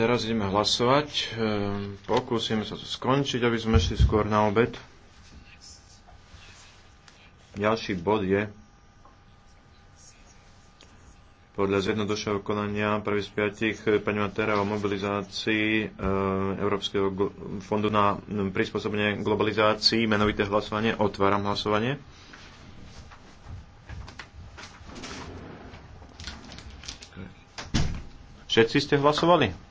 Teraz ideme hlasovať. Ehm, pokúsime sa to skončiť, aby sme šli skôr na obed. Ďalší bod je podľa zjednodušeho konania prvý z piatich eh, pani Matera o mobilizácii eh, Európskeho fondu na hm, prispôsobenie globalizácii. Menovité hlasovanie. Otváram hlasovanie. Všetci ste hlasovali?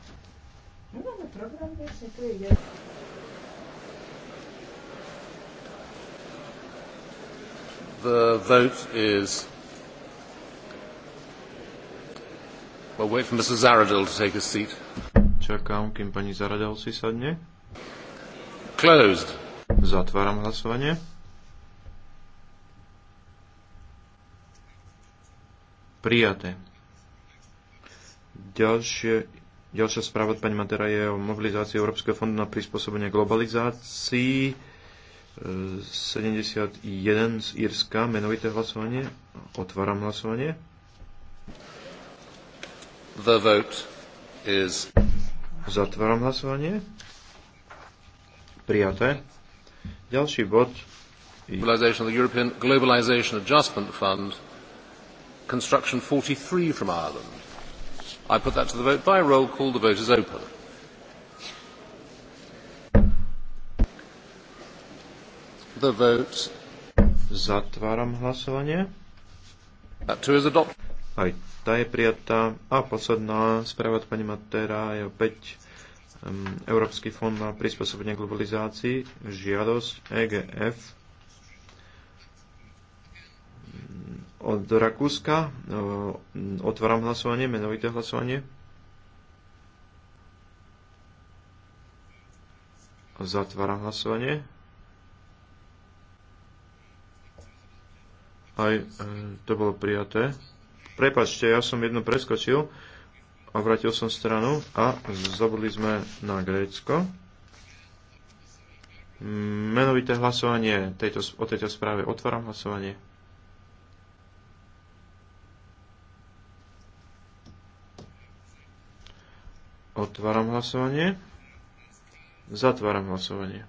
The vote is. We'll wait for Mr. Zaradil to take his seat. Čakám, kým pani Zaradil si sadne. Closed. Zatváram hlasovanie. Prijaté. Ďalšie Ďalšia správa od pani Matera je o mobilizácii Európskeho fondu na prispôsobenie globalizácii. 71 z Írska, menovité hlasovanie. Otváram hlasovanie. The vote is... Zatváram hlasovanie. Prijaté. Ďalší bod. Globalization of the European Globalization Adjustment Fund, Construction 43 from Ireland. I put that to the vote by roll call. The vote is open. The vote. Zatváram hlasovanie. That too is adopted. Aj tá je prijatá. A posledná správa od pani Matera je opäť um, Európsky fond na prispôsobenie globalizácii, žiadosť EGF od Rakúska. Otváram hlasovanie, menovité hlasovanie. Zatváram hlasovanie. Aj e, to bolo prijaté. Prepačte, ja som jednu preskočil a vrátil som stranu a zabudli sme na Grécko. Menovité hlasovanie tejto, o tejto správe. Otváram hlasovanie. Otváram hlasovanie. Zatváram hlasovanie.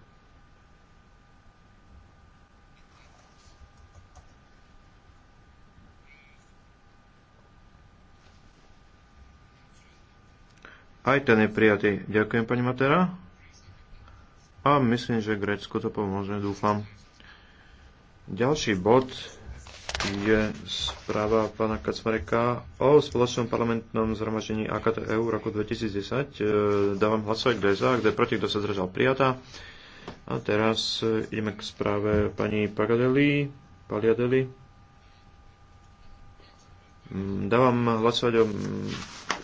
Aj ten je prijatý. Ďakujem, pani Matera. A myslím, že Grécku to pomôže, dúfam. Ďalší bod je správa pána Kacmareka o spoločnom parlamentnom zhromaždení AKT EU roku 2010. E, dávam hlasovať, kto je za, kde je proti, kto sa zdržal prijatá. A teraz ideme k správe pani Pagadeli. Paliadeli. Mm, dávam hlasovať o mm,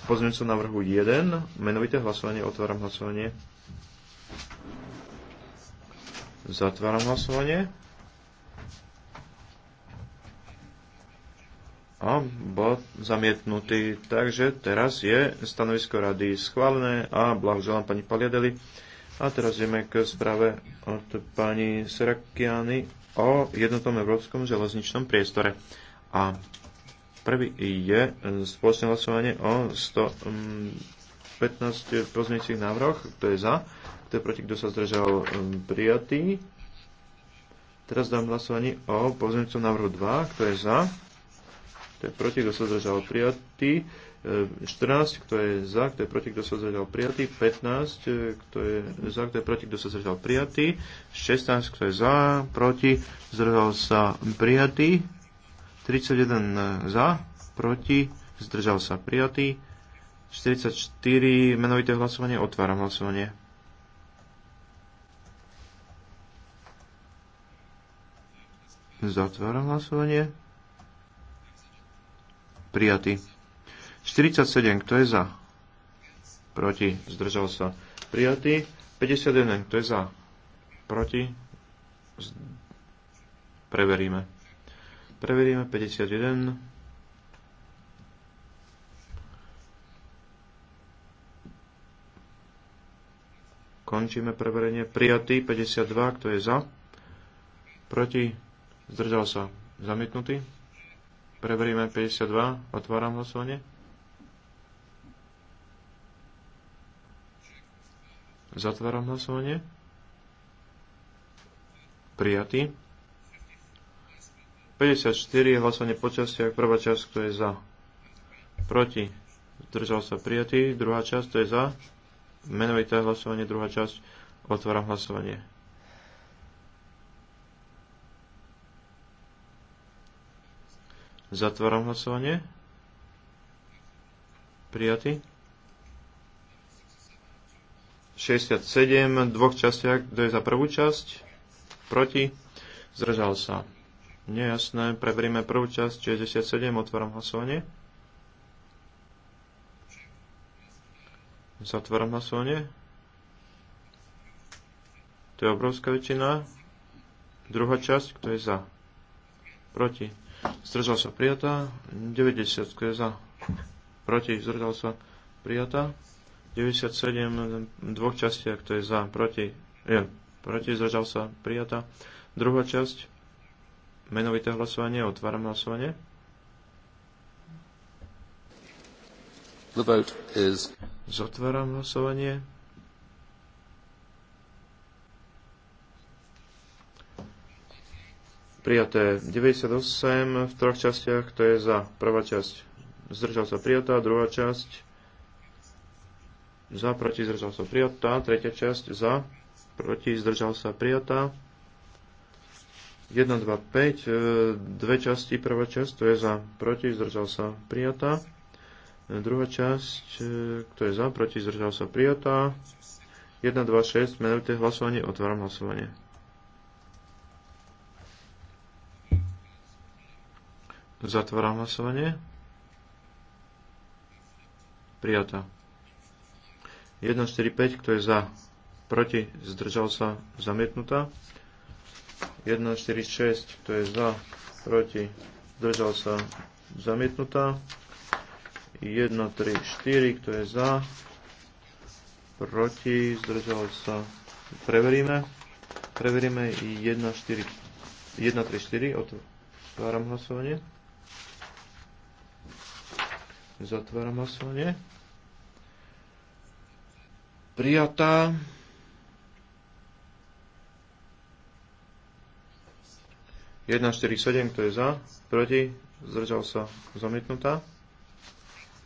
pozmeňujúcom návrhu 1. Menovité hlasovanie. Otváram hlasovanie. Zatváram hlasovanie. a bol zamietnutý. Takže teraz je stanovisko rady schválené a blahoželám pani Paliadeli. A teraz ideme k správe od pani Serakiany o jednotnom európskom železničnom priestore. A prvý je spoločné hlasovanie o 115 mm, pozmeňujúcich návrhoch. Kto je za? Kto je proti? Kto sa zdržal? Mm, prijatý. Teraz dám hlasovanie o pozmeňujúcom návrhu 2. Kto je za? kto je proti, kto sa zdržal prijatý. 14, e, kto je za, kto je proti, kto sa zdržal prijatý. 15, e, kto je za, kto je proti, kto sa zdržal prijatý. 16, kto je za, proti, zdržal sa prijatý. 31 e, za, proti, zdržal sa prijatý. 44, menovité hlasovanie, otváram hlasovanie. Zatváram hlasovanie prijatý. 47, kto je za? Proti, zdržal sa. Prijatý. 51, kto je za? Proti. Z... Preveríme. Preveríme 51. Končíme preverenie. Prijatý 52, kto je za? Proti. Zdržal sa. Zamietnutý. Preberíme 52. Otváram hlasovanie. Zatváram hlasovanie. Prijatý. 54. Hlasovanie po ak Prvá časť, kto je za. Proti. Zdržal sa prijatý. Druhá časť, kto je za. Menovité hlasovanie. Druhá časť. Otváram hlasovanie. Zatváram hlasovanie. Prijatý. 67 v dvoch častiach. Kto je za prvú časť? Proti? Zdržal sa. Nejasné. preberíme prvú časť 67. Otváram hlasovanie. Zatváram hlasovanie. To je obrovská väčšina. Druhá časť, kto je za? Proti zdržal sa prijatá, 90 kto je za, proti, zdržal sa prijatá, 97 v dvoch častiach, to je za, proti, je, proti, zdržal sa prijatá, druhá časť, menovité hlasovanie, otváram hlasovanie. The vote is... Zotváram hlasovanie. prijaté 98 v troch častiach, to je za prvá časť zdržal sa prijatá, druhá časť za, proti zdržal sa prijatá, tretia časť za, proti zdržal sa prijatá. 1, 2, 5, dve časti, prvá časť, to je za, proti, zdržal sa, prijatá. Druhá časť, kto je za, proti, zdržal sa, prijatá. 1, 2, 6, menujte hlasovanie, otváram hlasovanie. Zatváram hlasovanie. Prijatá. 1, 4, 5, kto je za, proti, zdržal sa, zamietnutá. 1, 4, 6, kto je za, proti, zdržal sa, zamietnutá. 1, 3, 4, kto je za, proti, zdržal sa, preveríme. Preveríme 1, 4, 1, 3, 4, otváram hlasovanie. Zatváram hlasovanie. Prijatá. Jedna, štyri, sedem, kto je za? Proti? Zdržal sa. Zamietnutá.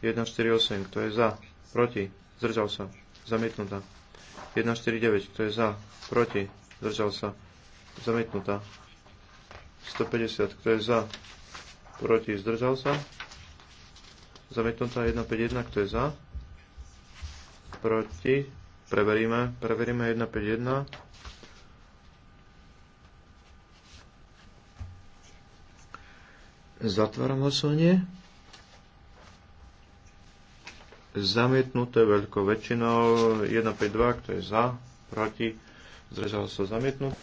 148, kto je za? Proti? Zdržal sa. Zamietnutá. 149, kto je za? Proti? Zdržal sa. Zamietnutá. 150, kto je za? Proti? Zdržal sa. Zamietnutá 151, kto je za? Proti? Preveríme. Preveríme 151. Zatváram hlasovanie. Zamietnuté veľkou väčšinou 152, kto je za? Proti? Zdržal sa zamietnúť.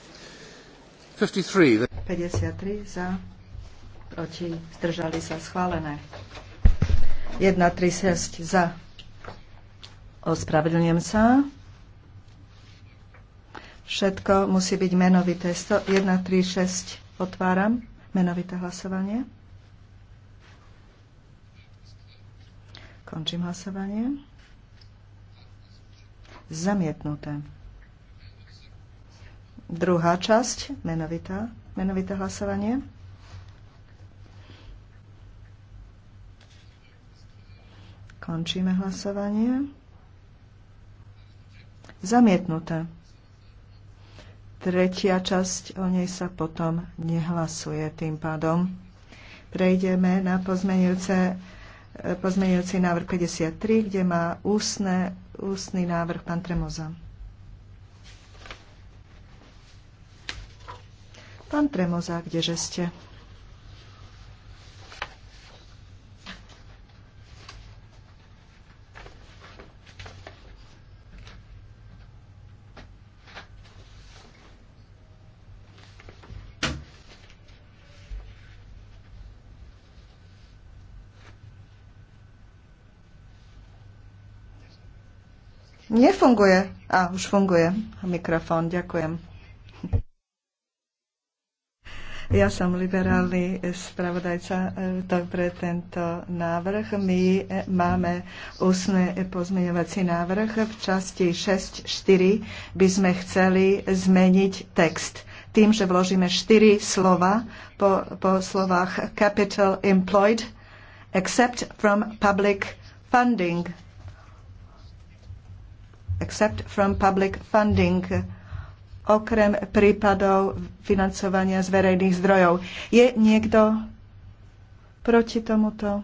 53. 53 za, proti, zdržali sa schválené. 136 za. Ospravedlňujem sa. Všetko musí byť menovité. 136 otváram. Menovité hlasovanie. Končím hlasovanie. Zamietnuté. Druhá časť, menovitá, menovité hlasovanie. Končíme hlasovanie. Zamietnuté. Tretia časť, o nej sa potom nehlasuje tým pádom. Prejdeme na pozmenujúce, pozmenujúci návrh 53, kde má ústne, ústny návrh pán Tremoza. Pán Tremoza, kdeže ste? Nefunguje. A už funguje mikrofón. Ďakujem. Ja som liberálny spravodajca e, pre tento návrh. My e, máme úsne pozmeňovací návrh. V časti 6.4 by sme chceli zmeniť text tým, že vložíme 4 slova po, po slovách capital employed except from public funding except from public funding, okrem prípadov financovania z verejných zdrojov. Je niekto proti tomuto?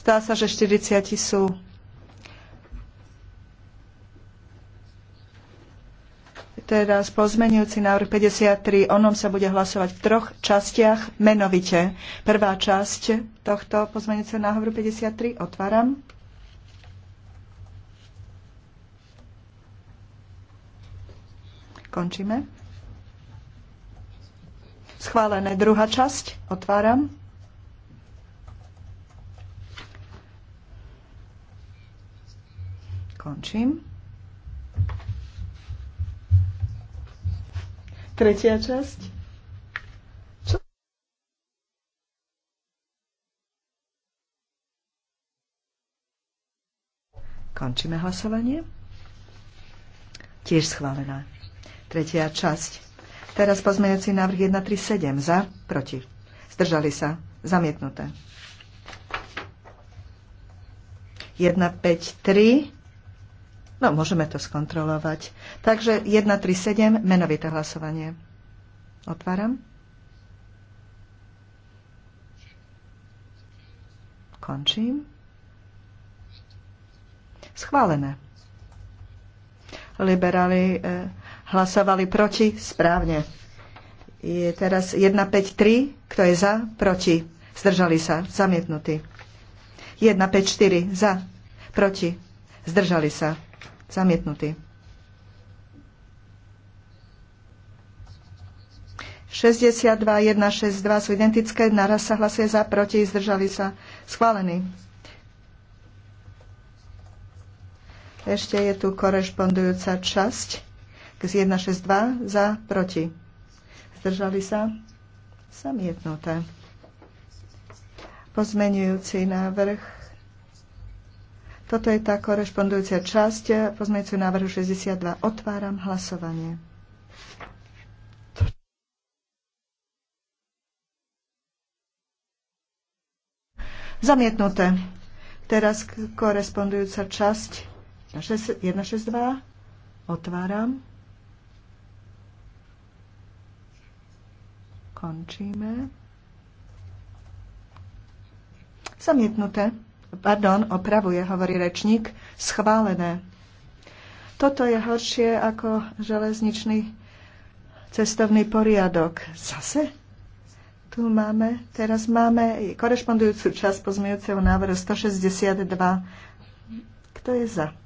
Zdá sa, že 40 sú. Teraz pozmenujúci návrh 53. O ňom sa bude hlasovať v troch častiach menovite. Prvá časť tohto pozmenujúceho návrhu 53 otváram. Končíme. Schválené druhá časť. Otváram. Končím. Tretia časť. Končíme hlasovanie. Tiež schválená tretia časť. Teraz pozmeňací návrh 137 za, proti. Zdržali sa. Zamietnuté. 153. No, môžeme to skontrolovať. Takže 137, menovité hlasovanie. Otváram. Končím. Schválené. Liberáli eh, hlasovali proti, správne. Je teraz 153, kto je za, proti, zdržali sa, zamietnutí. 154, za, proti, zdržali sa, zamietnutí. 62, 1, 6, 2 sú identické, naraz sa hlasuje za, proti, zdržali sa, schválený. Ešte je tu korešpondujúca časť 162 za, proti. Zdržali sa? Zamietnuté. Pozmenujúci návrh. Toto je tá korešpondujúca časť Pozmenujúci návrhu 62. Otváram hlasovanie. Zamietnuté. Teraz korespondujúca časť 162. Otváram. Končíme. Zamietnuté. Pardon, opravuje, hovorí rečník. Schválené. Toto je horšie ako železničný cestovný poriadok. Zase? Tu máme, teraz máme korešpondujúcu časť pozmejúceho návrhu 162. Kto je za?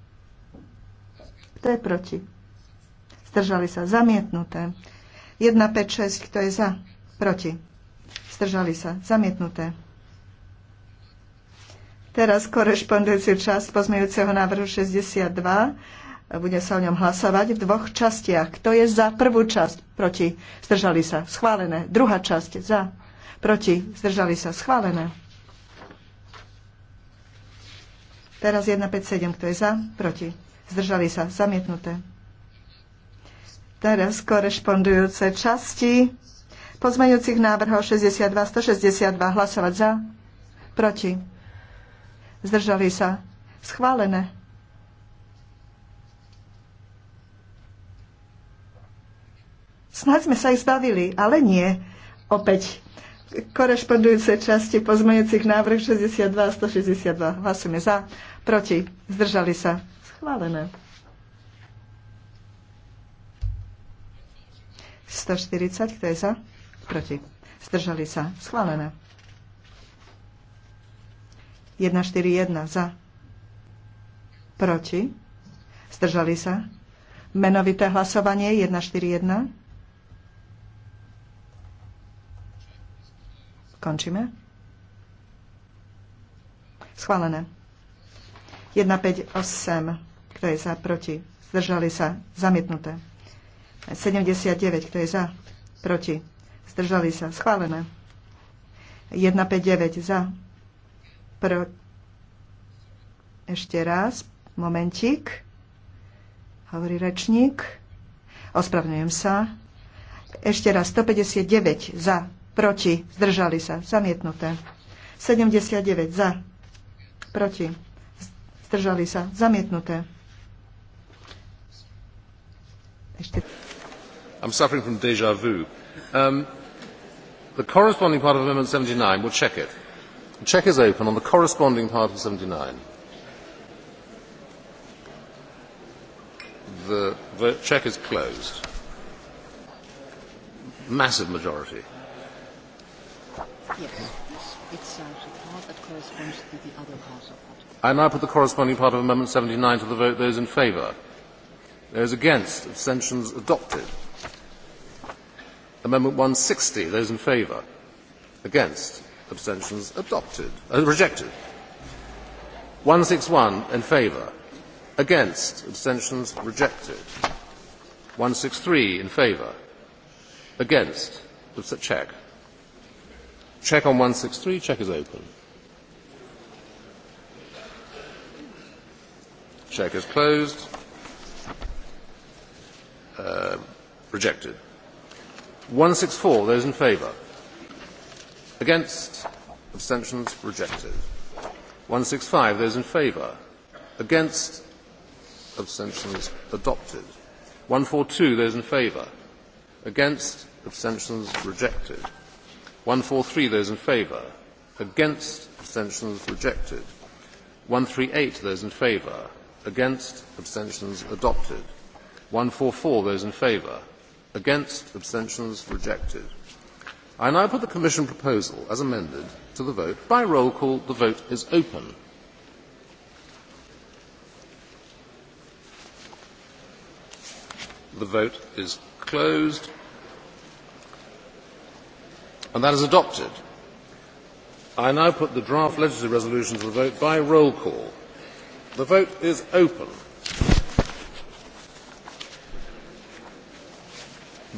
Kto je proti? Zdržali sa. Zamietnuté. 1, 5, 6. Kto je za? Proti. Zdržali sa. Zamietnuté. Teraz korešpondujúci časť pozmejúceho návrhu 62. Bude sa o ňom hlasovať v dvoch častiach. Kto je za prvú časť? Proti. Zdržali sa. Schválené. Druhá časť. Za. Proti. Zdržali sa. Schválené. Teraz 157. Kto je za? Proti. Zdržali sa. Zamietnuté. Teraz korešpondujúce časti Pozmeňujúcich návrhov 62, 162. Hlasovať za. Proti. Zdržali sa. Schválené. Snáď sme sa ich zbavili, ale nie. Opäť korešpondujúce časti pozmeňujúcich návrh 62 a 162. Hlasujeme za, proti, zdržali sa. Schválené. 140, kto je za? proti, zdržali sa, schválené. 141 za, proti, zdržali sa, menovité hlasovanie 141. Končíme. Schválené. 158. Kto je za? Proti. Zdržali sa. Zamietnuté. 79. Kto je za? Proti. Zdržali sa. Schválené. 159 za. Pr... Ešte raz. Momentík. Hovorí rečník. Ospravňujem sa. Ešte raz. 159 za. Proti. Zdržali sa. Zamietnuté. 79 za. Proti. Zdržali sa. Zamietnuté. Ešte. I'm suffering from deja vu. Um, the corresponding part of amendment seventy nine we'll check it the check is open on the corresponding part of seventy nine the, the check is closed massive majority yes it's uh, the part that corresponds to the other part of it. I now put the corresponding part of Amendment 79 to the vote. Those in favour? Those against? Abstentions adopted amendment one hundred and sixty those in favour against abstentions adopted uh, rejected one hundred and sixty one in favour against abstentions rejected one hundred and sixty three in favour against check check on one hundred and sixty three check is open check is closed uh, rejected 164, those in favour. Against, abstentions rejected. 165, those in favour. Against, abstentions adopted. 142, those in favour. Against, abstentions rejected. 143, those in favour. Against, abstentions rejected. 138, those in favour. Against, abstentions adopted. 144, those in favour against abstentions rejected i now put the commission proposal as amended to the vote by roll call the vote is open the vote is closed and that is adopted i now put the draft legislative resolution to the vote by roll call the vote is open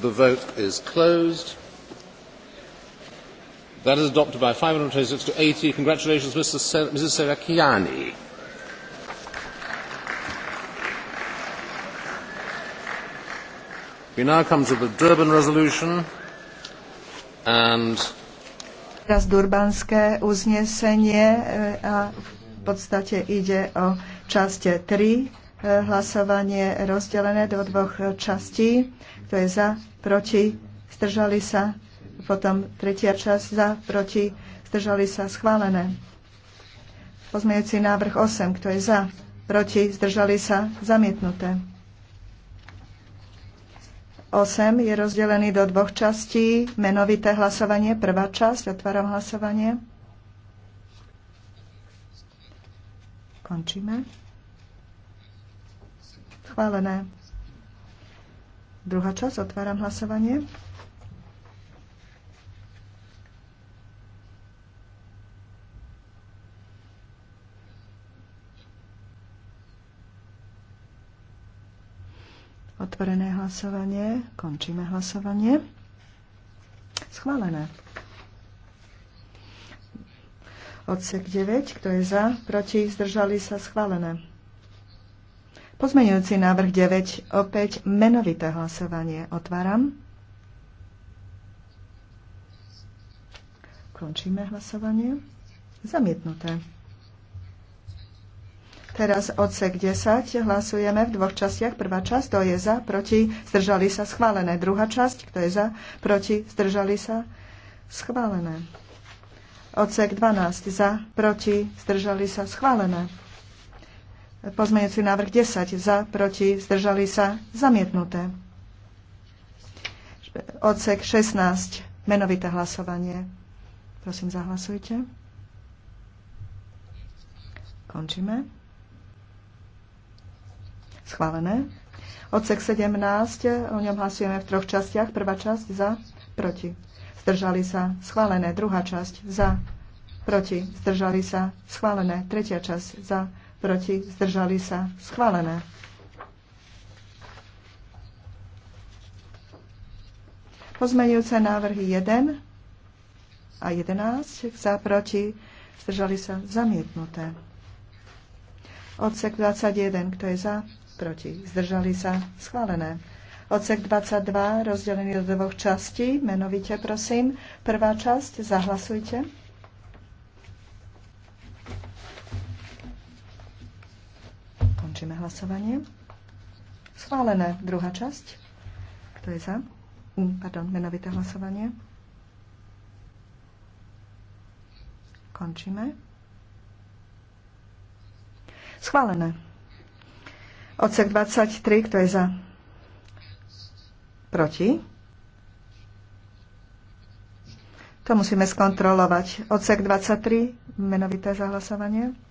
The vote is closed. That is adopted by 526 to 80. Congratulations, Mr. Ser Mrs. Serakiani. We now come to the Durban resolution and teraz Durbanské uznesenie e, a v podstate ide o časť 3 hlasovanie rozdelené do dvoch častí. Kto je za, proti, zdržali sa. Potom tretia časť za, proti, zdržali sa, schválené. Pozmejúci návrh 8. Kto je za, proti, zdržali sa, zamietnuté. 8 je rozdelený do dvoch častí. Menovité hlasovanie, prvá časť, otváram hlasovanie. Končíme. Schválené. Druhá časť. Otváram hlasovanie. Otvorené hlasovanie. Končíme hlasovanie. Schválené. Odsek 9. Kto je za? Proti? Zdržali sa? Schválené. Pozmeňujúci návrh 9, opäť menovité hlasovanie. Otváram. Končíme hlasovanie. Zamietnuté. Teraz odsek 10 hlasujeme v dvoch častiach. Prvá časť, kto je za, proti, zdržali sa, schválené. Druhá časť, kto je za, proti, zdržali sa, schválené. Odsek 12 za, proti, zdržali sa, schválené. Pozmeňujúci návrh 10 za, proti, zdržali sa, zamietnuté. Odsek 16, menovité hlasovanie. Prosím, zahlasujte. Končíme. Schválené. Odsek 17, o ňom hlasujeme v troch častiach. Prvá časť za, proti. Zdržali sa, schválené. Druhá časť za, proti. Zdržali sa, schválené. Tretia časť za, proti proti, zdržali sa, schválené. Pozmenujúce návrhy 1 a 11 za proti, zdržali sa, zamietnuté. Odsek 21, kto je za, proti, zdržali sa, schválené. Odsek 22, rozdelený do dvoch častí, menovite prosím. Prvá časť, zahlasujte. Končíme hlasovanie. Schválené druhá časť. Kto je za? Pardon, menovité hlasovanie. Končíme. Schválené. Odsek 23, kto je za? Proti? To musíme skontrolovať. Odsek 23, menovité zahlasovanie.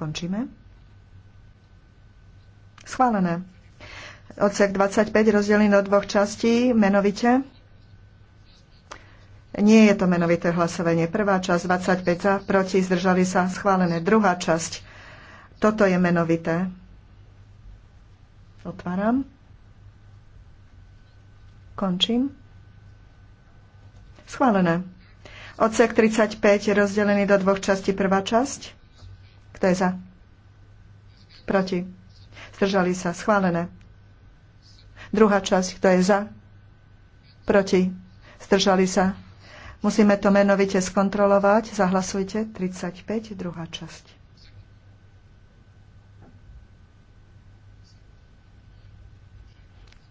Končíme. Schválené. Odsek 25 rozdelený do dvoch častí, menovite. Nie je to menovité hlasovanie. Prvá časť 25 za, proti, zdržali sa, schválené. Druhá časť. Toto je menovité. Otváram. Končím. Schválené. Odsek 35 rozdelený do dvoch častí. Prvá časť. Kto je za? Proti. Zdržali sa. Schválené. Druhá časť. Kto je za? Proti. Zdržali sa. Musíme to menovite skontrolovať. Zahlasujte. 35. Druhá časť.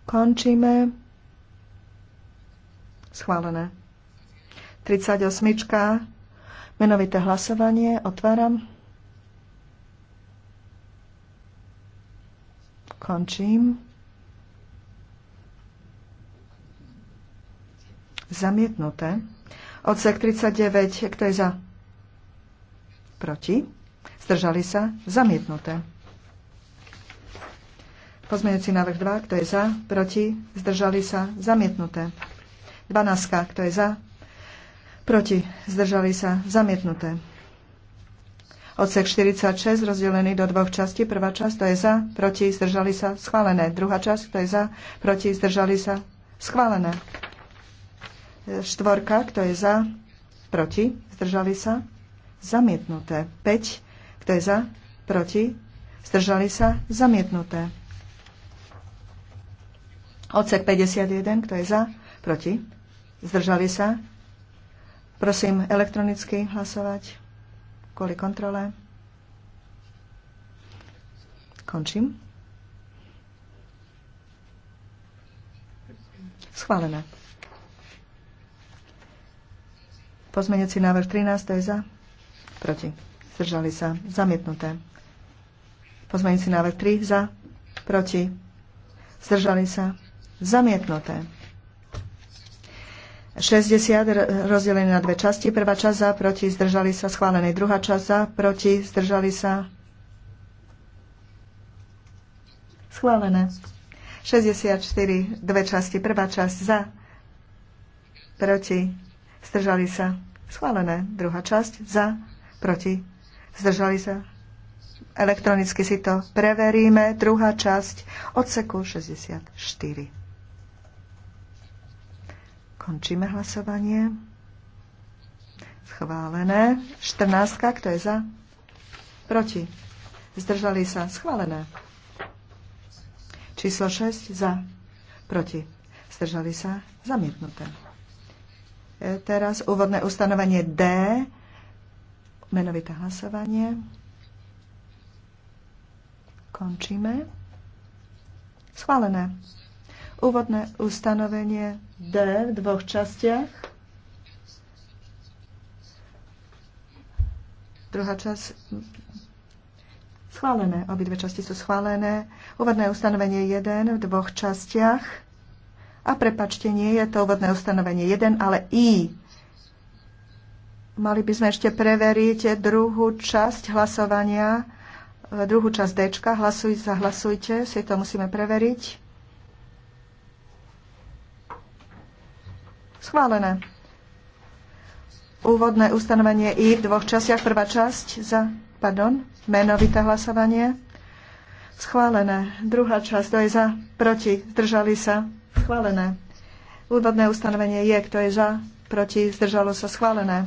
Končíme. Schválené. 38. Menovité hlasovanie. Otváram. Končím. Zamietnuté. Odsek 39. Kto je za? Proti. Zdržali sa? Zamietnuté. Pozmeňujúci návrh 2. Kto je za? Proti. Zdržali sa? Zamietnuté. 12. Kto je za? Proti. Zdržali sa? Zamietnuté. Odsek 46 rozdelený do dvoch častí. Prvá časť, to je za, proti, zdržali sa, schválené. Druhá časť, to je za, proti, zdržali sa, schválené. Štvorka, kto je za, proti, zdržali sa, zamietnuté. 5, kto je za, proti, zdržali sa, zamietnuté. Odsek 51, kto je za, proti, zdržali sa. Prosím elektronicky hlasovať kvôli kontrole. Končím. Schválené. Pozmenujúci návrh 13, to je za. Proti. Zdržali sa. Zamietnuté. Pozmenujúci návrh 3, za. Proti. Zdržali sa. Zamietnuté. 60 rozdelené na dve časti. Prvá časť za, proti, zdržali sa, schválené. Druhá časť za, proti, zdržali sa. Schválené. 64, dve časti. Prvá časť za, proti, zdržali sa. Schválené. Druhá časť za, proti, zdržali sa. Elektronicky si to preveríme. Druhá časť odseku 64. Končíme hlasovanie. Schválené. 14. Kto je za? Proti. Zdržali sa. Schválené. Číslo 6. Za. Proti. Zdržali sa. Zamietnuté. E, teraz úvodné ustanovenie D. Menovité hlasovanie. Končíme. Schválené. Úvodné ustanovenie D v dvoch častiach. Druhá časť schválené. Obidve časti sú schválené. Úvodné ustanovenie 1 v dvoch častiach. A prepačte, nie je to úvodné ustanovenie 1, ale I. Mali by sme ešte preveriť druhú časť hlasovania, druhú časť D. Hlasujte, zahlasujte, si to musíme preveriť. Schválené. Úvodné ustanovenie I v dvoch častiach. Prvá časť za, pardon, menovité hlasovanie. Schválené. Druhá časť, to je za, proti, zdržali sa. Schválené. Úvodné ustanovenie je, kto je za, proti, zdržalo sa. Schválené.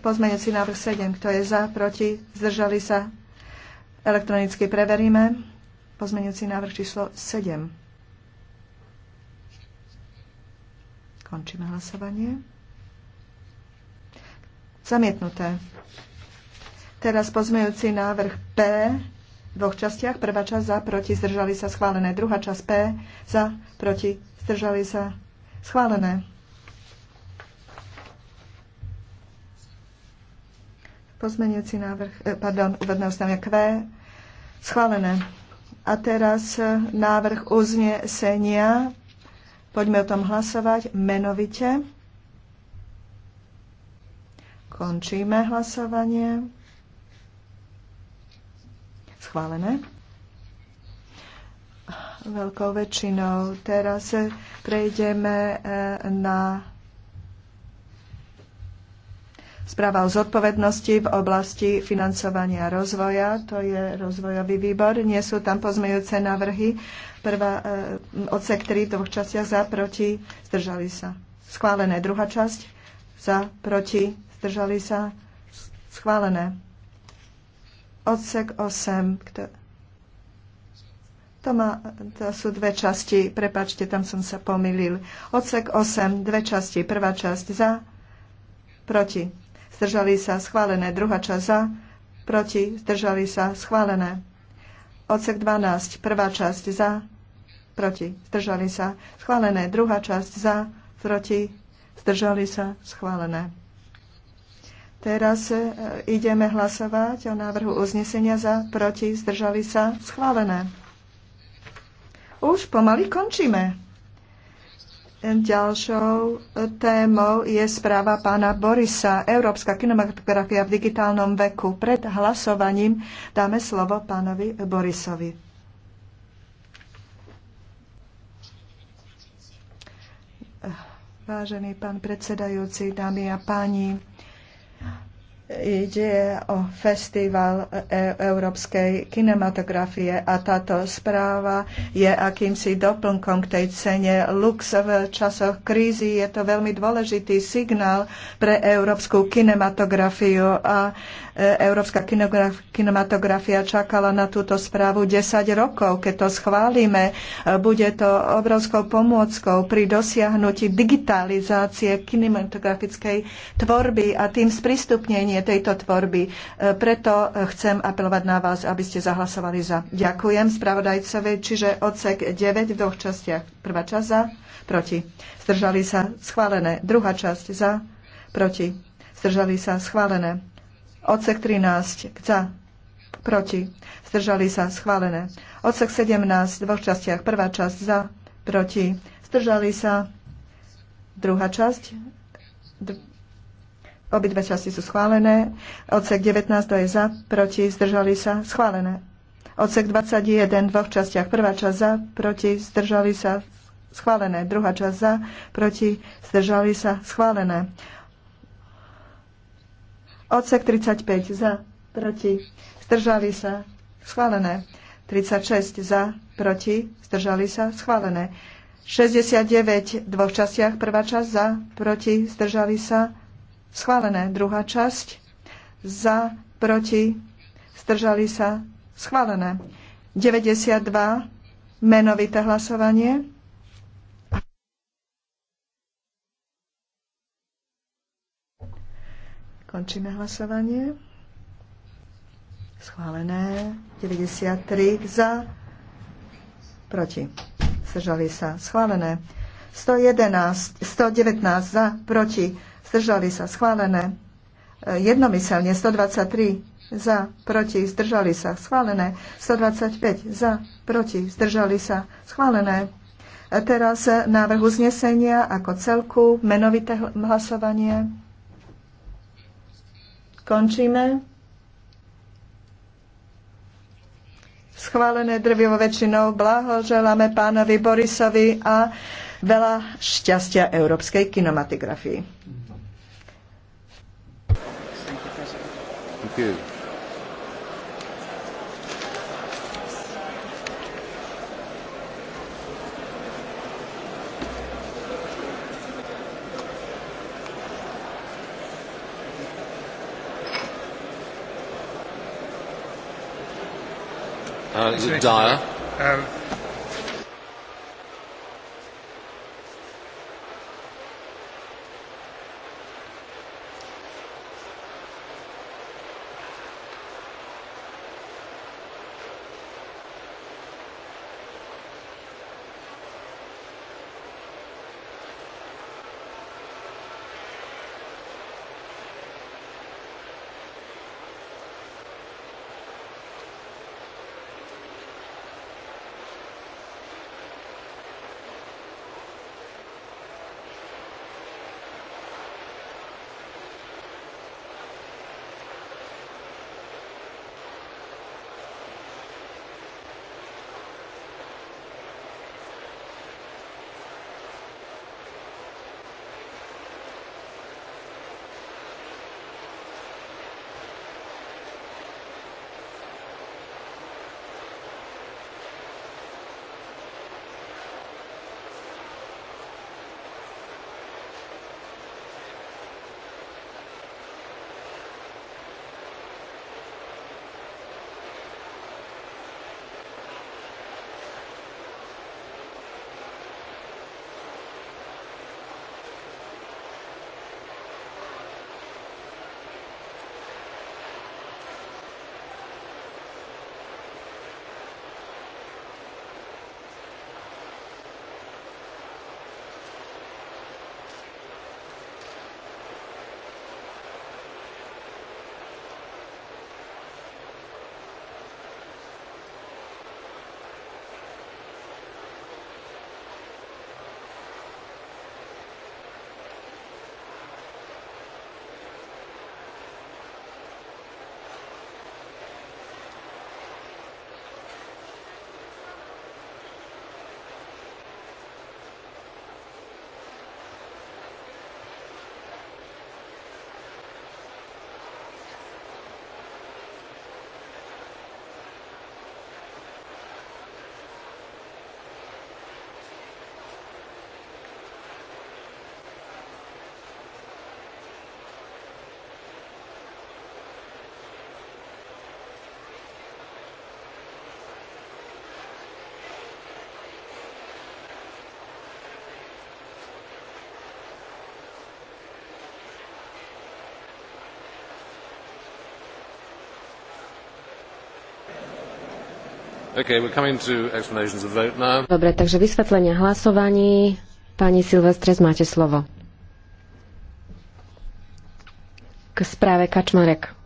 Pozmeňujúci návrh 7, kto je za, proti, zdržali sa. Elektronicky preveríme. Pozmeňujúci návrh číslo 7. Končíme hlasovanie. Zamietnuté. Teraz pozmejúci návrh P v dvoch častiach. Prvá časť za, proti, zdržali sa, schválené. Druhá časť P za, proti, zdržali sa, schválené. Pozmenujúci návrh, eh, pardon, úvodné ustanovenie Q, schválené. A teraz eh, návrh uznesenia Poďme o tom hlasovať menovite. Končíme hlasovanie. Schválené. Veľkou väčšinou. Teraz prejdeme eh, na Správa o zodpovednosti v oblasti financovania rozvoja, to je rozvojový výbor. Nie sú tam pozmejúce návrhy. Prvá, e, odsek 3 v dvoch častiach za, proti, zdržali sa. Schválené. Druhá časť za, proti, zdržali sa. Schválené. Odsek 8. Kto... To, má, to sú dve časti. Prepačte, tam som sa pomýlil. Odsek 8, dve časti. Prvá časť za, proti zdržali sa schválené. Druhá časť za, proti, zdržali sa schválené. Odsek 12, prvá časť za, proti, zdržali sa schválené. Druhá časť za, proti, zdržali sa schválené. Teraz e, ideme hlasovať o návrhu uznesenia za, proti, zdržali sa schválené. Už pomaly končíme. Ďalšou témou je správa pána Borisa, Európska kinematografia v digitálnom veku. Pred hlasovaním dáme slovo pánovi Borisovi. Vážený pán predsedajúci, dámy a páni, Ide o festival e európskej kinematografie a táto správa je akýmsi doplnkom k tej cene Lux v časoch krízy. Je to veľmi dôležitý signál pre európsku kinematografiu a e, európska kinematografia čakala na túto správu 10 rokov. Keď to schválime, e, bude to obrovskou pomôckou pri dosiahnutí digitalizácie kinematografickej tvorby a tým sprístupnenie tejto tvorby. E, preto chcem apelovať na vás, aby ste zahlasovali za. Ďakujem spravodajcovi, čiže odsek 9 v dvoch častiach. Prvá časť za, proti. Zdržali sa schválené. Druhá časť za, proti. Zdržali sa schválené. Odsek 13 za, proti. Zdržali sa schválené. Odsek 17 v dvoch častiach. Prvá časť za, proti. Zdržali sa. Druhá časť Obidve časti sú schválené. Odsek 19, je za, proti, zdržali sa, schválené. Odsek 21 v dvoch častiach. Prvá časť za, proti, zdržali sa, schválené. Druhá časť za, proti, zdržali sa, schválené. Odsek 35 za, proti, zdržali sa, schválené. 36 za, proti, zdržali sa, schválené. 69 v dvoch častiach, prvá časť za, proti, zdržali sa, Schválené. Druhá časť. Za, proti, zdržali sa. Schválené. 92. Menovité hlasovanie. Končíme hlasovanie. Schválené. 93 za. Proti. Zdržali sa. Schválené. 111, 119 za. Proti zdržali sa schválené. E, jednomyselne 123 za, proti, zdržali sa schválené. 125 za, proti, zdržali sa schválené. A e, teraz návrh uznesenia ako celku, menovité hlasovanie. Končíme. Schválené drvivo väčšinou blahoželáme pánovi Borisovi a veľa šťastia európskej kinematografii. Thank you. Uh, is it Dyer? Um, Dobre, takže vysvetlenia hlasovaní. Pani Silvestres, máte slovo. K správe Kačmarek.